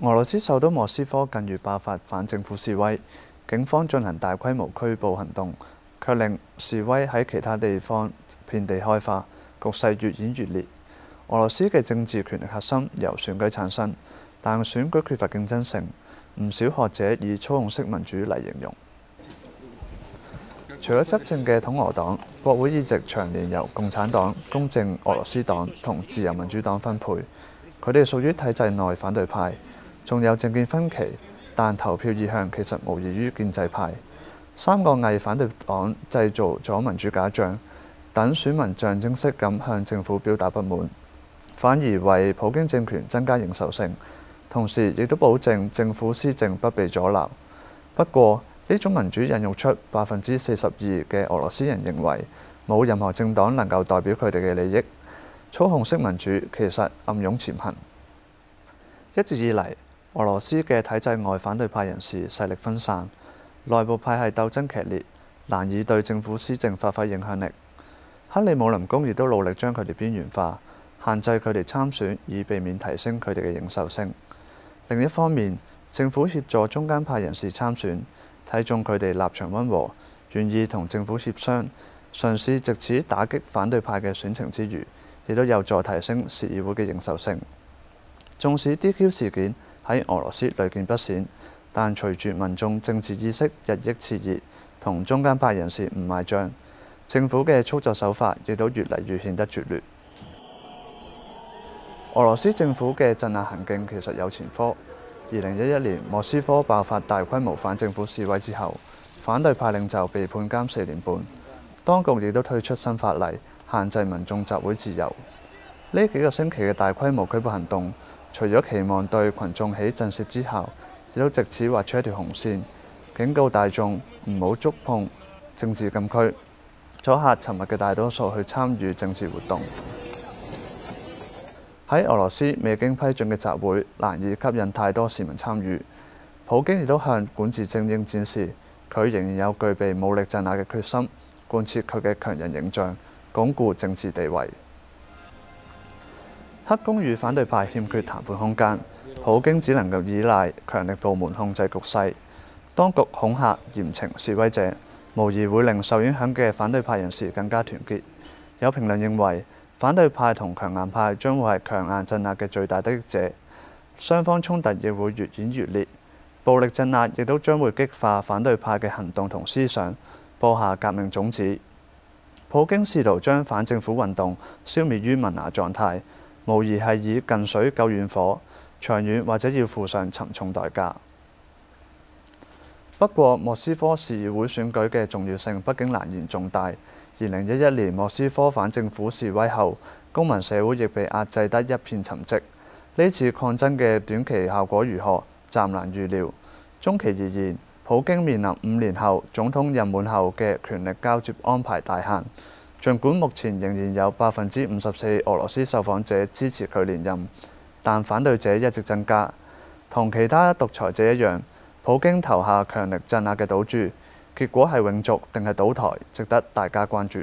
俄羅斯首都莫斯科近日爆發反政府示威，警方進行大規模拘捕行動，卻令示威喺其他地方遍地開花，局勢越演越烈。俄羅斯嘅政治權力核心由選舉產生，但選舉缺乏競爭性，唔少學者以操控式民主嚟形容。除咗執政嘅統俄黨，國會議席長年由共產黨、公正俄羅斯黨同自由民主黨分配，佢哋屬於體制內反對派。仲有政見分歧，但投票意向其實無異於建制派。三個偽反對黨製造咗民主假象，等選民象徵式咁向政府表達不滿，反而為普京政權增加認受性，同時亦都保證政府施政不被阻撓。不過呢種民主引用出百分之四十二嘅俄羅斯人認為冇任何政黨能夠代表佢哋嘅利益，操控式民主其實暗湧潛行。一直以嚟。俄羅斯嘅體制外反對派人士勢力分散，內部派系鬥爭劇烈，難以對政府施政發揮影響力。克里姆林宮亦都努力將佢哋邊緣化，限制佢哋參選，以避免提升佢哋嘅認受性。另一方面，政府協助中間派人士參選，睇中佢哋立場温和，願意同政府協商，嘗試藉此打擊反對派嘅選情之餘，亦都有助提升市議會嘅認受性。縱使 DQ 事件喺俄羅斯屢見不鮮，但隨住民眾政治意識日益熾熱，同中間派人士唔買帳，政府嘅操作手法亦都越嚟越顯得拙劣。俄羅斯政府嘅鎮壓行徑其實有前科。二零一一年莫斯科爆發大規模反政府示威之後，反對派領袖被判監四年半，當局亦都推出新法例限制民眾集會自由。呢幾個星期嘅大規模拘捕行動。除咗期望對群眾起震懾之效，亦都藉此劃出一條紅線，警告大眾唔好觸碰政治禁區，阻嚇沉默嘅大多數去參與政治活動。喺俄羅斯，未經批准嘅集會難以吸引太多市民參與。普京亦都向管治精英展示，佢仍然有具備武力鎮壓嘅決心，貫徹佢嘅強人形象，鞏固政治地位。克宮與反對派欠缺談判空間，普京只能夠依賴強力部門控制局勢，當局恐嚇、嚴懲示威者，無疑會令受影響嘅反對派人士更加團結。有評論認為，反對派同強硬派將會係強硬鎮壓嘅最大得益者，雙方衝突亦會越演越烈，暴力鎮壓亦都將會激化反對派嘅行動同思想，播下革命種子。普京試圖將反政府運動消滅於萌芽狀態。無疑係以近水救遠火，長遠或者要付上沉重代價。不過，莫斯科市議會選舉嘅重要性，畢竟難言重大。二零一一年莫斯科反政府示威後，公民社會亦被壓制得一片沉寂。呢次抗爭嘅短期效果如何，暫難預料。中期而言，普京面臨五年後總統任滿後嘅權力交接安排大限。儘管目前仍然有百分之五十四俄羅斯受訪者支持佢連任，但反對者一直增加。同其他獨裁者一樣，普京投下強力鎮壓嘅賭注，結果係永續定係倒台，值得大家關注。